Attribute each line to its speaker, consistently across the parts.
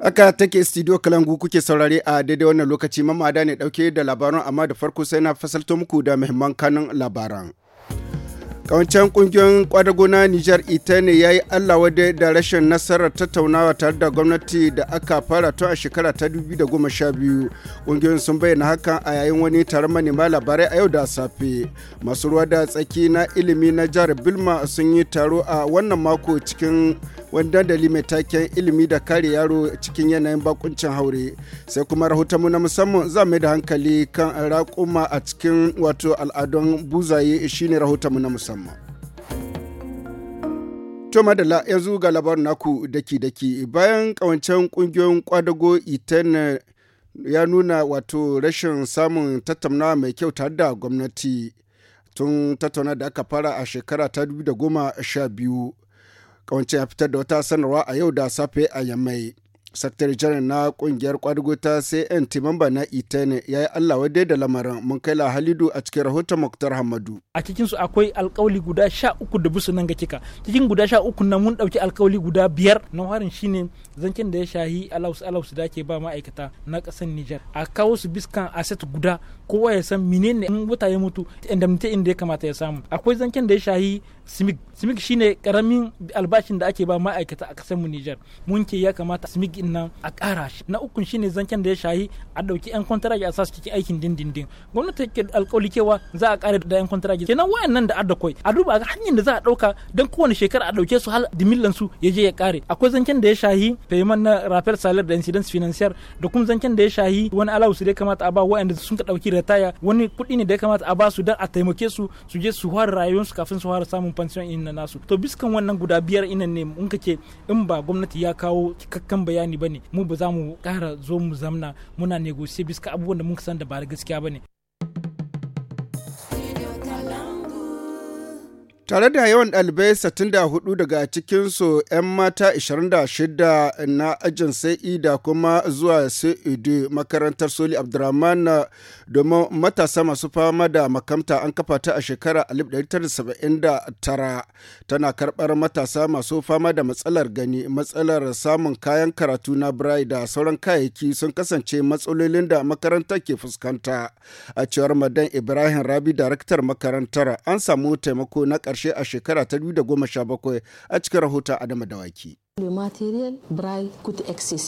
Speaker 1: Aka take studio kalangu kuke saurare a daidai wannan lokaci mamada ne dauke da labaran amma da farko sai na fasalto muku da muhimman kanin labaran. kawancan kungiyoyin kwadaguna nijar ita ne ya yi allah wade da rashin nasarar tattaunawa tare da gwamnati da aka fara tun a shekara ta 2012 kungiyoyin sun bayyana hakan a yayin wani taron manema labarai a yau da safe masu ruwa da tsaki na ilimi na jihar bilma sun yi taro a wannan mako cikin wani dandali mai taken ilimi da kare yaro cikin yanayin bakuncin haure sai kuma rahotonmu na musamman za mai da hankali kan raƙuma a cikin wato al'adun buzaye shine rahotonmu na musamman To madalla yanzu ga labarin naku daki-daki bayan kawancen kungiyoyin kwadago iten ya nuna wato rashin samun tattaunawa mai kyau tare da gwamnati tun tattauna da aka fara a shekara ta 2012 kawance ya fitar da wata sanarwa a yau da safe a yammai sakatare janar na kungiyar kwadugo ta cn timamba na itene ya yi allah wadai da lamarin mun kai halidu a cikin rahoton muktar hamadu
Speaker 2: a cikin su akwai alkawali guda sha uku da busu nan ga kika cikin guda sha uku na mun dauki alkawali guda biyar na warin shine zancen da ya shahi alaus alaus da ke ba ma'aikata na kasan niger a kawo su biskan asset guda kowa ya san menene in wuta ya mutu indemnity inda ya kamata ya samu akwai zancen da ya shahi smig smig shine karamin albashin da ake ba ma'aikata a kasar mu Niger mun ke ya kamata smig din nan a ƙara shi na ukun shine zancen da ya shahi a dauki yan kontraki a sasu cikin aikin dindindin gwamnati ke alƙawli cewa za a ƙara da yan kontraki kenan wayannan da adda koi a duba hanyar da za a dauka dan kowane shekara a dauke su hal dimillan su ya je ya ƙare akwai zancen da ya shahi payment na rafel salar da incidence financier da kuma zancen da ya shahi wani alawus da ya kamata a ba wayanda sun ka dauki retire wani kudi ne da ya kamata a ba su dan a taimake su su je su fara su kafin su fara samun expansion in na nasu to biskan wannan guda biyar inan ne in kace in ba gwamnati ya kawo cikakken bayani bane mu ba za mu kara zo mu zamna muna negosiye biska abubuwan da mun san da ba gaskiya ne.
Speaker 1: Tare da yawan ɗalibai 64 daga cikinsu 'yan mata 26 na ajin sai e da kuma zuwa sai e makarantar Soli Abdurrahman domin matasa masu fama da makamta an kafa ta a shekarar 1979 tana karɓar matasa masu fama da matsalar gani matsalar samun kayan karatu na birai da sauran kayayyaki sun kasance matsalolin da makarantar ke fuskanta. A cewar Madan Ibrahim Rabi, daraktar makarantar, an samu taimako na ƙarshe karshe a shekara ta 2017 a cikin rahoton Adama Dawaki.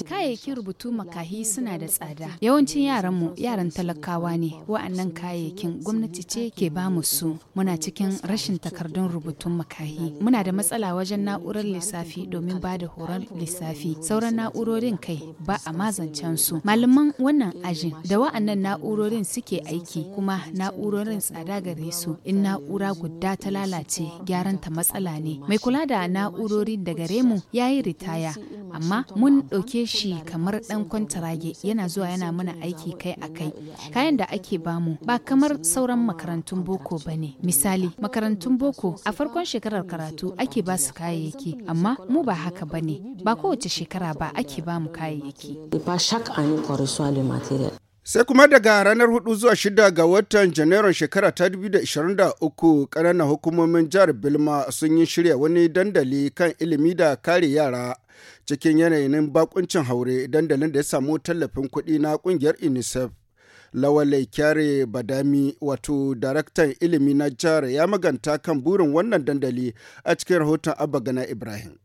Speaker 3: Kayayyakin rubutu makahi suna da tsada. Yawancin yaranmu yaran talakawa ne. Wa'annan kayayyakin gwamnati ce ke ba mu su. Muna cikin rashin takardun rubutun makahi. Muna da matsala wajen na'urar lissafi domin ba da horon lissafi. Sauran na'urorin kai ba a mazancen su. Malaman wannan ajin da wa'annan na'urorin suke aiki kuma na'urorin tsada gare su. In na'ura guda ta lalace gyaran ta matsala ne. Mai kula da na'urori da gare mu yayi ritaya amma mun ɗauke shi kamar ɗan kwantarage yana zuwa yana mana aiki kai a kai kayan da ake bamu ba kamar sauran makarantun boko ba ne misali makarantun boko a farkon shekarar karatu ake ba su kayayyaki amma mu ba haka ba ne ba kowace shekara ba ake bamu kayayyaki
Speaker 1: Sai kuma daga ranar 4 zuwa 6 ga watan Janairun shekara ta 2023 ƙananan hukumomin jihar Bilma sun yi shirya wani dandali kan ilimi da kare yara cikin yanayin bakuncin haure dandalin da ya samu tallafin kuɗi na ƙungiyar UNICEF. Lawalai Kyare Badami wato daraktan ilimi na jihar ya maganta kan burin wannan dandali a cikin rahoton Abba Gana Ibrahim.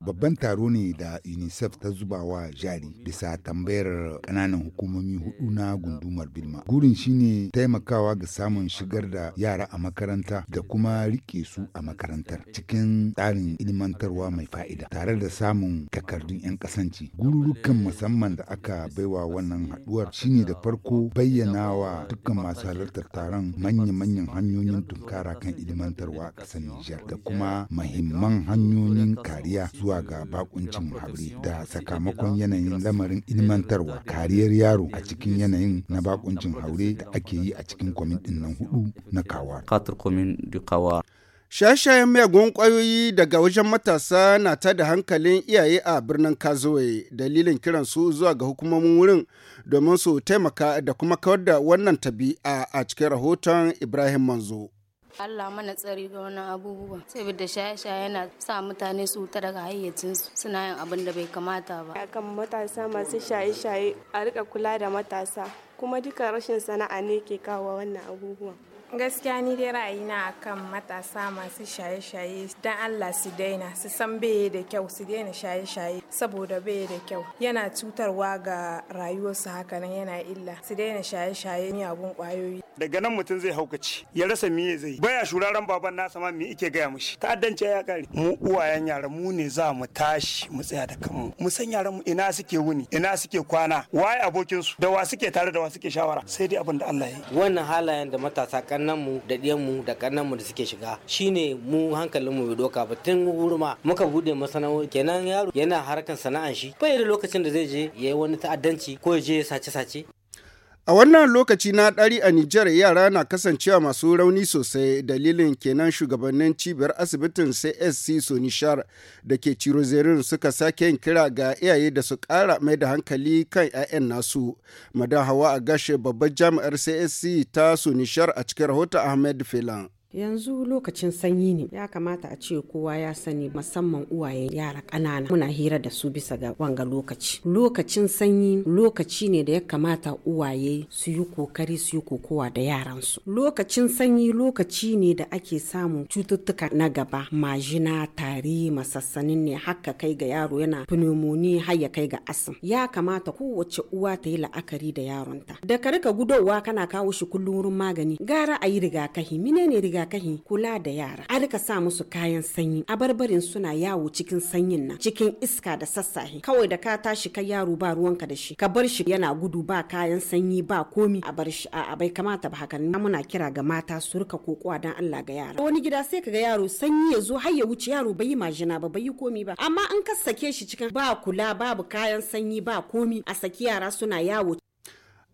Speaker 4: Babban taro ne da UNICEF ta zuba wa jari bisa tambayar kananan hukumomi hudu na gundumar Bilma. Gurin shine taimakawa ga samun shigar da yara a makaranta da kuma rike su a makarantar cikin tsarin ilmantarwa mai fa'ida tare da samun takardun 'yan kasance. Gururukan musamman da aka baiwa wannan haduwar shine da farko bayyana wa dukkan masu halartar taron manya-manyan hanyoyin tunkara kan ilmantarwa a ƙasar Nijar kuma mahimman hanyoyin kariya zuwa ga bakuncin haure da sakamakon yanayin lamarin ilmantarwa kariyar yaro a cikin yanayin na bakuncin haure da ake yi a cikin kwamin din nan hudu na kawa.
Speaker 1: Shashayen miyagun kwayoyi daga wajen matasa na ta da hankalin iyaye a birnin Kazoe dalilin kiran su zuwa ga hukumomin wurin domin su taimaka da kuma kawar da wannan tabi'a a cikin rahoton Ibrahim Manzo.
Speaker 3: Allah mana tsari ga wannan abubuwa saboda shaye-shaye yana sa mutane su wuta daga hayyacinsu suna yin abin da bai kamata ba Yakan matasa masu shaye-shaye a rika kula da matasa kuma duka rashin sana'a ne ke kawo wannan abubuwan gaskiya ni dai na akan matasa masu shaye-shaye don Allah su daina su san bai da kyau su daina shaye-shaye saboda bai da kyau yana cutarwa ga rayuwarsu hakanan yana illa su daina shaye-shaye miyagun kwayoyi
Speaker 5: daga nan mutum zai haukaci ya rasa miye zai baya shuraren baban nasa ma me ike gaya mishi ta'addance ya kare mu uwayen yara mu ne za mu tashi mu tsaya da kanmu mu san yaran mu ina suke wuni ina suke kwana waye abokin su da wa suke tare da wa suke shawara sai dai abin da Allah ya
Speaker 3: yi wannan halayen da matasa kan mu da mu da mu da suke shiga shine mu mu bai doka ba tun hurma muka bude masana'o'i kenan yaro yana harkan sana'an shi bai da lokacin da zai je ya yi wani ta'addanci ko ya je sace-sace
Speaker 1: A wannan lokaci na ɗari a Nijar yara na kasancewa masu rauni sosai dalilin kenan shugabannin cibiyar asibitin CSC Sonishar da ke Cirozerin suka sake yin kira ga iyaye da su ƙara mai da hankali kan 'ya'yan nasu. Madan Hawa a gashe babbar jami'ar CSC ta Sonishar a cikin rahoton Ahmed Filan.
Speaker 3: yanzu lokacin sanyi ne ya kamata a ce kowa ya sani musamman uwaye yara ƙanana muna hira da su bisa ga wanga lokaci lokacin sanyi lokaci ne da ya kamata uwaye su yi kokari su yi kokowa da yaransu lokacin sanyi lokaci ne da ake samun cututtuka na gaba majina tari masassanin ne haka kai ga yaro yana pneumonia har ya kai ga asim ya kamata kowace uwa ta yi la'akari da yaronta da ka rika gudowa kana kawo shi kullum wurin magani gara a yi rigakafi menene rigakafi kahi kula da yara a rika sa musu kayan sanyi a barbarin suna yawo cikin sanyin nan cikin iska da sassahe kawai da ka tashi kai yaro ba ruwanka da shi ka bar shi yana gudu ba kayan sanyi ba komi a bar shi a bai kamata ba haka na muna kira ga mata su rika kokowa dan Allah ga yara wani gida sai ka ga yaro sanyi ya zo har ya wuce yaro bai yi majina ba bai komi ba amma an ka sake shi cikin ba kula babu kayan sanyi ba komi a saki yara suna yawo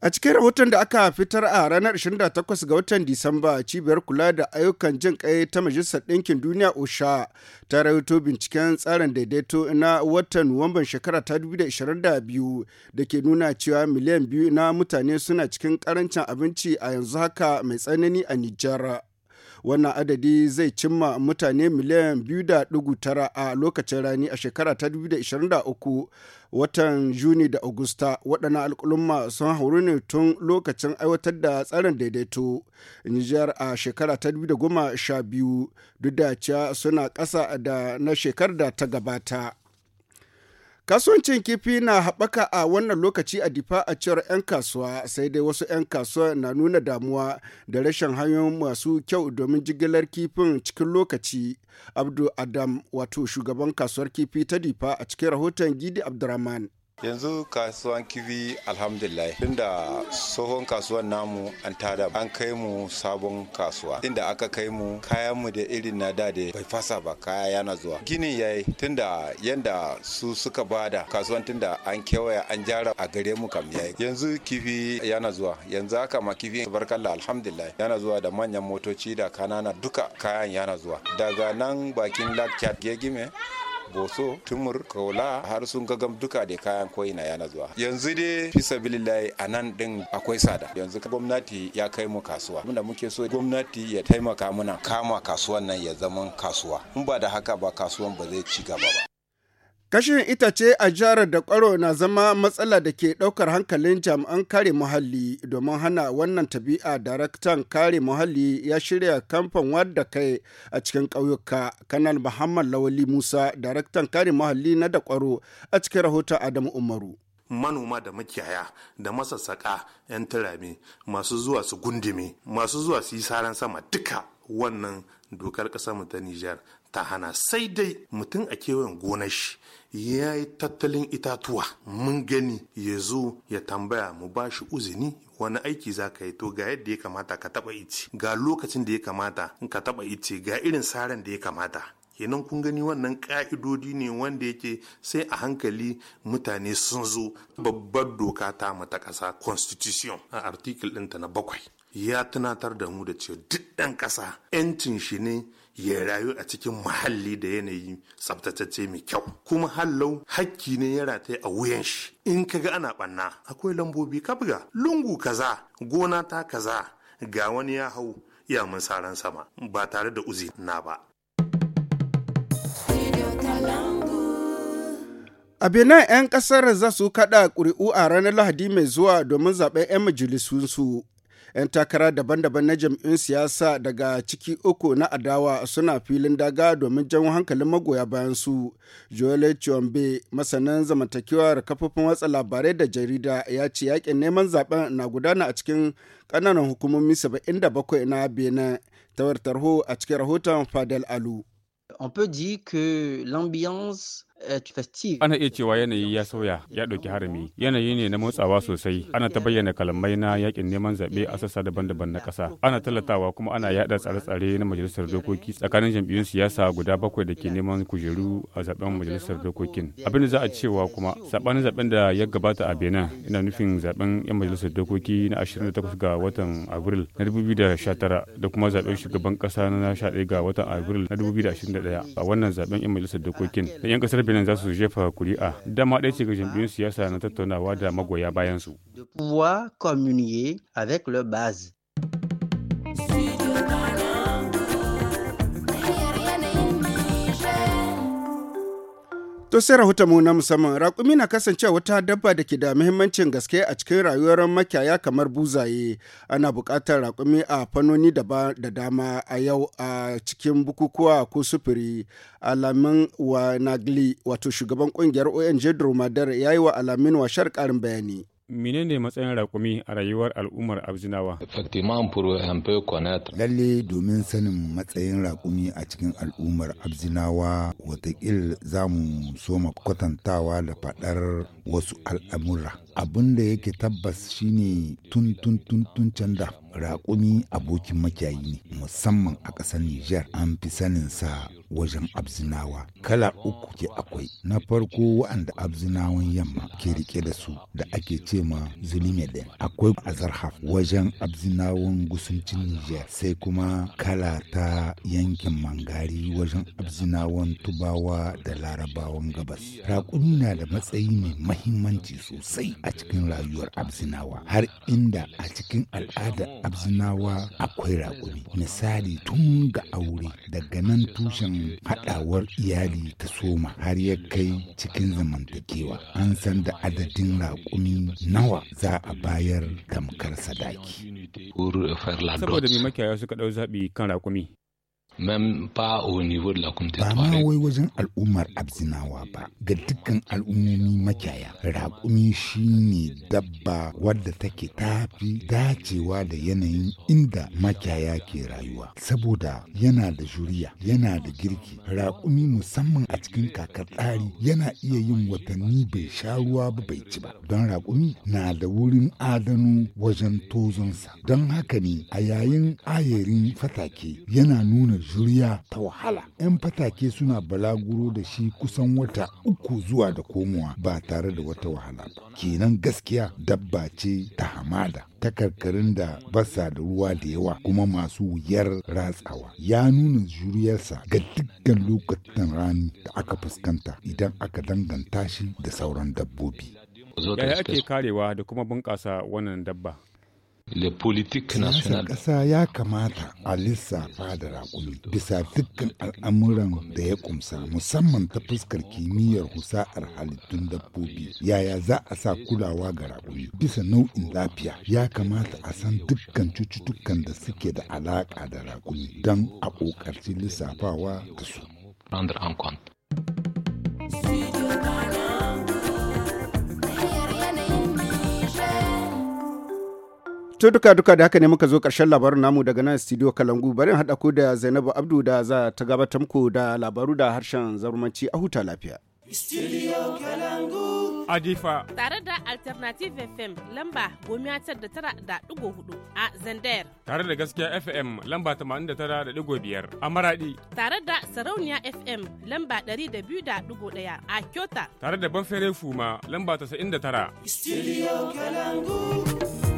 Speaker 1: A cikin rahoton da aka fitar a ranar 28 ga watan Disamba cibiyar kula da ayyukan jin kai ta Majalisar Ɗinkin Duniya OSHA ta rahoto binciken tsarin daidaito na watan Nuwamban shekara ta 2022 da ke nuna cewa miliyan biyu na mutane suna cikin karancin abinci a yanzu haka mai tsanani a Nijar. wannan adadi zai cimma mutane miliyan 2.9 a lokacin rani a shekara ta 2023 watan juni da agusta waɗannan alƙulumma sun hauru ne tun lokacin aiwatar da tsarin daidaito nijar a shekara ta 2012 duk da cewa suna ƙasa da na shekarar da ta gabata Kasuwancin kifi na haɓaka a wannan lokaci a difa a cewar 'yan kasuwa sai dai wasu 'yan kasuwa na nuna damuwa da rashin hanyoyin masu kyau domin jigilar kifin cikin lokaci. Abdu Adam wato shugaban kasuwar kifi ta difa a cikin rahoton Gidi Abdurrahman. yanzu kasuwan kifi alhamdulillah tunda tsohon kasuwan namu an tada an kai mu sabon kasuwa inda aka kai mu kayan mu da irin na da da bai fasa ba kaya yana zuwa ginin yayi tunda yanda su suka bada kasuwan tunda an kewaya an jara a gare mu kam yayi yanzu kifi yana zuwa yanzu aka ma kifi barkalla alhamdulillah yana zuwa da manyan motoci da kanana duka kayan yana zuwa daga nan bakin lakcat gegime boso tumur kaula har sun ga gam duka da kayan koyi na yana zuwa yanzu dai fi sabilillahi a nan din akwai sada yanzu gwamnati ya kai mu kasuwa munda muke so gwamnati ya taimaka muna kama kasuwan nan ya zama kasuwa in ba da haka ba kasuwan ba zai ci gaba ba Kashin itace a jihar da kwaro na zama matsala da ke ɗaukar hankalin jami'an kare muhalli domin hana wannan tabi'a daraktan kare muhalli ya shirya kamfan wadda kai a cikin ƙauyuka kanan Muhammad Lawali Musa daraktan kare muhalli na da kwaro a cikin rahoton Adamu Umaru.
Speaker 6: manoma da makiyaya da masassaka 'yan turami masu zuwa su gundume masu zuwa su yi saran sama duka wannan dokar ƙasar mu ta Nijar ta hana sai dai mutum a kewayen gonar shi ya yi tattalin itatuwa mun gani ya zo ya tambaya mu ba shi uzini wani aiki za ka yi to ga yadda ya kamata ka taba ice ga lokacin da ya kamata ka taba ice ga irin saran da ya kamata kenan kun gani wannan ka'idodi ne wanda yake sai a hankali mutane sun zo babbar doka ta mata ƙasa constitution a article ɗinta na bakwai ya tunatar da mu da cewa duk ɗan ƙasa 'yancin shi ne ya rayu a cikin muhalli da yanayi tsabtatacce mai kyau kuma hallau hakki ne ya rataye a wuyan shi in ga ana banna akwai lambobi kabga lungu kaza gona ta kaza ga wani ya hau ya mun saran sama ba tare da uzi na ba
Speaker 1: A Benin 'yan kasar za su kada ƙuri'u a ranar Lahadi mai zuwa domin zaɓen 'yan majalisunsu 'yan takara daban-daban na jam'in siyasa daga ciki uku na adawa suna filin daga domin jan hankalin magoya bayan su joel chiombe masanin zamantakewar kafofin watsa labarai da jarida ya ce yakin neman zaben na gudana a cikin kananan hukumomi 77 na benin tawar tarho a cikin rahoton fadel alu on peut dire que l'ambiance
Speaker 5: Eh, ana iya cewa yanayi ya sauya ya ɗauki harami yanayi ne na motsawa sosai ana ta bayyana kalamai na yakin neman zaɓe a sassa daban-daban na ƙasa ana tallatawa kuma ana yaɗa tsare-tsare na majalisar dokoki tsakanin jam'iyyun siyasa guda bakwai da ke neman kujeru a zaben majalisar dokokin abin da za a cewa kuma saɓanin zaɓen da ya gabata a benin ina nufin zaɓen 'yan majalisar dokoki na 28 ga watan abril na 2019 da kuma zaɓen shugaban ƙasa na 11 ga watan abril na 2021 a wannan zaɓen 'yan majalisar dokokin da 'yan ƙasar filin za su jefa kuri'a dama ɗaya ce ga jam'iyyun siyasa na tattaunawa da magoya su. De pouvoir communier avec leur base.
Speaker 1: To sai rahotonmu na musamman raƙumi na kasancewa wata dabba da ke da muhimmancin gaske a cikin rayuwar makiyaya kamar buzaye. Ana buƙatar raƙumi a fannoni da dama a yau a cikin bukukuwa ko sufuri. Alamin wa Nagli wato shugaban ƙungiyar ONG Dromadar ya yi wa Alamin wa shar ƙarin bayani.
Speaker 5: menene matsayin raƙumi a rayuwar al'ummar abzinawa
Speaker 1: lalle
Speaker 4: domin sanin matsayin
Speaker 1: raƙumi a cikin
Speaker 4: al'ummar abzinawa watakil za mu so kwatantawa da faɗar wasu al'amura abin da yake tabbas shine tun tun tun tun can da raƙumi abokin makiyayi ne musamman a ƙasar Nijar an fi sanin sa wajen abzinawa kala uku ke akwai na farko waɗanda abzinawan yamma ke rike da su da ake ce ma zulimeden akwai azarhaf wajen abzinawan gusuncin nijar. sai kuma kala ta yankin mangari wajen abzinawan tubawa da larabawan gabas raƙumi na da matsayi mai mahimmanci sosai a cikin rayuwar abzinawa har inda a cikin al'adar abzinawa akwai raƙumi misali tun ga aure daga nan tushen haɗawar iyali ta soma har ya kai cikin zamantakewa an san da adadin raƙumi nawa za a bayar tamkar sadaki
Speaker 5: saboda mai makiyaya suka ɗau zaɓi kan raƙumi même pas au niveau de la communauté ba
Speaker 4: ma wai wajen al'ummar abzinawa ba ga dukkan al'ummomi makiyaya raƙumi shine dabba wadda take tafi dacewa da yanayin inda makiyaya ke rayuwa saboda yana da juriya yana da girki raƙumi musamman a cikin kakar tsari yana iya yin watanni bai sha ruwa ba bai ci ba don raƙumi na da wurin adano wajen tozonsa don haka ne a yayin ayarin fatake yana nuna juriya ta wahala. 'Yan fatake suna balaguro da shi kusan wata uku zuwa da komowa ba tare da wata wahala ba. Kenan gaskiya dabba ce ta hamada. ta karkarin da basa da ruwa da yawa kuma masu wuyar ratsawa ya nuna juriyarsa ga dukkan lokacin rani da aka fuskanta idan aka danganta shi da sauran dabbobi.
Speaker 5: Yaya ake karewa da kuma bunƙasa wannan dabba? le Siyasar
Speaker 4: ƙasa ya kamata a lissafa
Speaker 5: da raƙumi
Speaker 4: bisa dukkan al'amuran da ya kumsa musamman ta fuskar kimiyyar husa'ar halittun dabbobi yaya za a sa kulawa ga raƙumi bisa nau'in lafiya ya kamata a san dukkan cututtukan da suke da alaƙa da raƙumi don a ƙoƙarci lissafawa da su.
Speaker 1: To duka duka da haka ne muka zo karshen labarin namu daga nan studio Kalangu barin haɗa ku da Zainabu Abdu da za ta gabatar muku da labaru da harshen zarumanci a huta lafiya.
Speaker 3: Studio Kalangu. Adifa. Tare da Alternative FM lamba gomiya tar da tara da ɗigo hudu a Zandayar.
Speaker 5: Tare da gaskiya FM lamba tamanin da tara da ɗigo biyar a Maradi.
Speaker 3: Tare da Sarauniya FM lamba ɗari da biyu da ɗigo ɗaya a Kyota.
Speaker 5: Tare da Banfere Fuma lamba tasa'in da tara.
Speaker 3: Studio Kalangu.